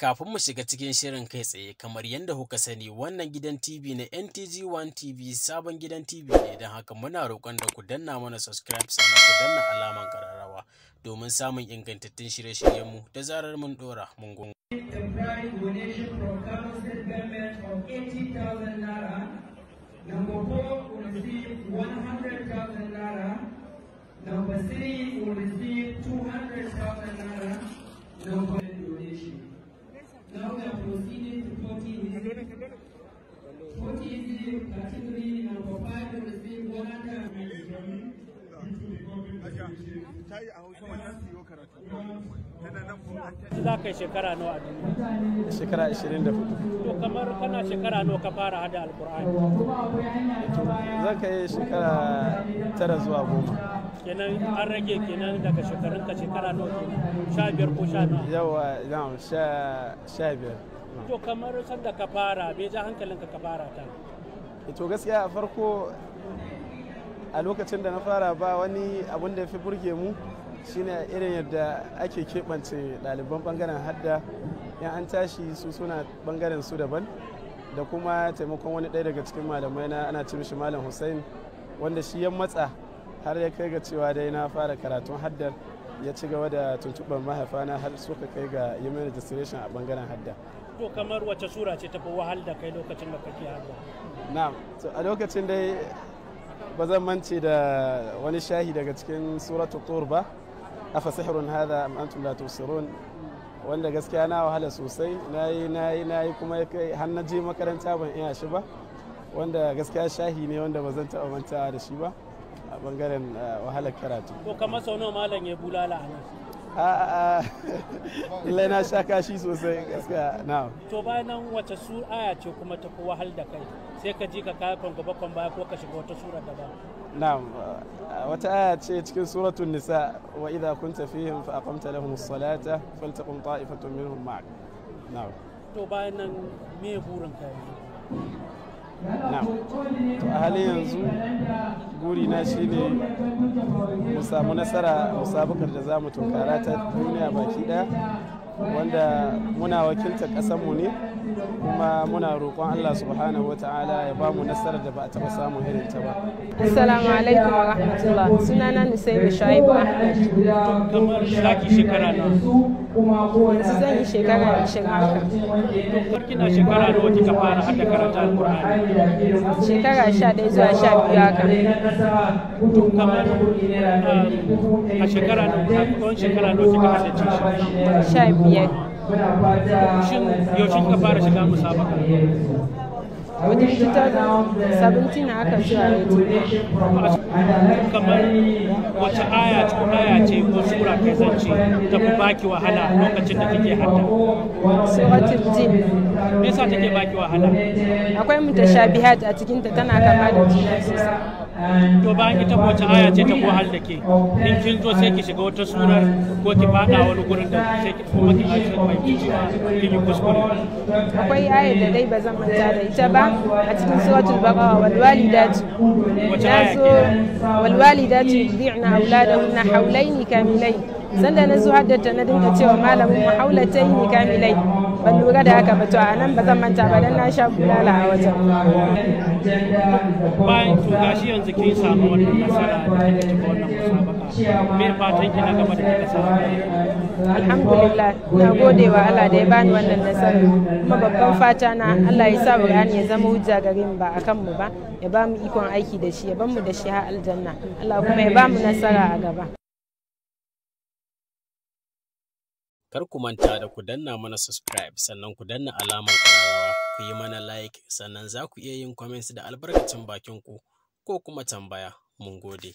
Kafin mu shiga cikin shirin kai tsaye kamar yadda kuka sani wannan gidan TV na NTG1 TV sabon gidan TV ne don haka muna roƙon da ku danna mana subscribe sannan ku danna alaman kararrawa domin samun ingantattun shirye-shiryenmu da zarar mun ɗora mun gungu. Number four will receive 100,000 naira. Number three will receive 200,000 naira. Number za ka yi shekara nawa a duniya? Shekara 24. To kamar kana shekara nawa ka fara hada alkur'ani? ka yi shekara tara zuwa goma. kenan an rage kenan daga shekarun ka shekara nawa sha biyar ko sha yawa sha biyar to kamar sanda ka fara bai ja hankalinka ka fara ta eh, to gaskiya a farko a lokacin da na fara ba wani abun da ya fi burge mu shine irin yadda ake keɓance ɗaliban ɓangaren hadda yan an tashi su suna ɓangaren su daban da kuma taimakon wani ɗaya daga cikin malamai na ana ce mishi malam hussain wanda shi ya matsa har ya kai ga cewa dai na fara karatun haddar ya ci gaba da tuntuɓar mahaifana har suka kai ga yi mini registration a bangaren hadda to kamar wace sura ce tafi wahal da kai lokacin da kake hadda na'am to a lokacin dai ba zan mance da wani shahi daga cikin suratu tur ba a sihrun hadha am antum la tusirun wanda gaskiya na wahala sosai nayi nayi nayi kuma kai har na je makaranta ban iya shi ba wanda gaskiya shahi ne wanda ba zan taɓa mantawa da shi ba bangaren eh, wahalar karatu ko kama sau nawa malam ya bulala a nan a'a ah, ah, illai ah. na sha kashi sosai gaskiya na to bayan nan wace su aya ce kuma ta fi wahal da kai sai ka ji ka kaya kwangaba kwan baya ko ka shiga wata sura daban na'am wata aya ce cikin suratun nisa wa idza kunta fihim fa aqamta lahum as-salata faltaqum ta'ifatun minhum ma'ak na to bayan nan me burin kai. Na na'am to a halin yanzu guri na ne mu samu nasara mu sabu da za mu tunkara ta duniya baki daya wanda muna wakilta ƙasarmu ne kuma muna roƙon Allah subhanahu wa ta'ala ya ba mu nasarar da ba a taɓa samu irin ta ba. Assalamu alaikum wa rahmatullah sunana Nusaimi Shaibu Ahmad. Kamar shaki shekara na. Yanzu zan yi shekara da shin haka. Farki na shekara da wata ka fara hada karanta Al-Qur'ani. Shekara sha ɗaya zuwa sha biyu haka. Kamar eh, a shekara da wata shekara da wata ka hada shi. Sha biyu. biyar shin yaushe kika fara shiga wani fitar sabintin aka share kamar wace aya aya ce ko sura ke zance ta ku baki wahala lokacin da kike hatta suratul jin me yasa take baki wahala akwai mutashabihat a cikin ta tana kama da juna sosai to ba ita wace aya ce ta ko da ke in kin zo sai ki shiga wata surar ko ki fada wani gurin da sai ki kuma ki ba ki mai cewa kin yi kuskure akwai aya da dai ba zan manta da ita ba هتكون سورة البقرة والوالدات والوالدات يرضعن أولادهن حولين كاملين sanda na da haddata na dinga cewa malamin mu haula ta yi kamilai ban lura da haka ba to a nan ba zan manta ba dan na sha bulala a wajen bayan to gashi yanzu kin samu wannan nasara da kike cika wannan musabaka me fatan ki na gaba da kike samu alhamdulillah na gode wa Allah da ya bani wannan nasara kuma babban fata na Allah ya sa burani ya zama hujja gare mu ba akan mu ba ya ba mu ikon aiki da shi ya ba mu da shi har aljanna Allah kuma ya ba mu nasara a gaba kar ku manta da ku danna mana subscribe sannan ku danna alamar ƙararrawa ku yi mana like sannan za ku iya yin comments da albarkacin bakin ku ko kuma tambaya mun gode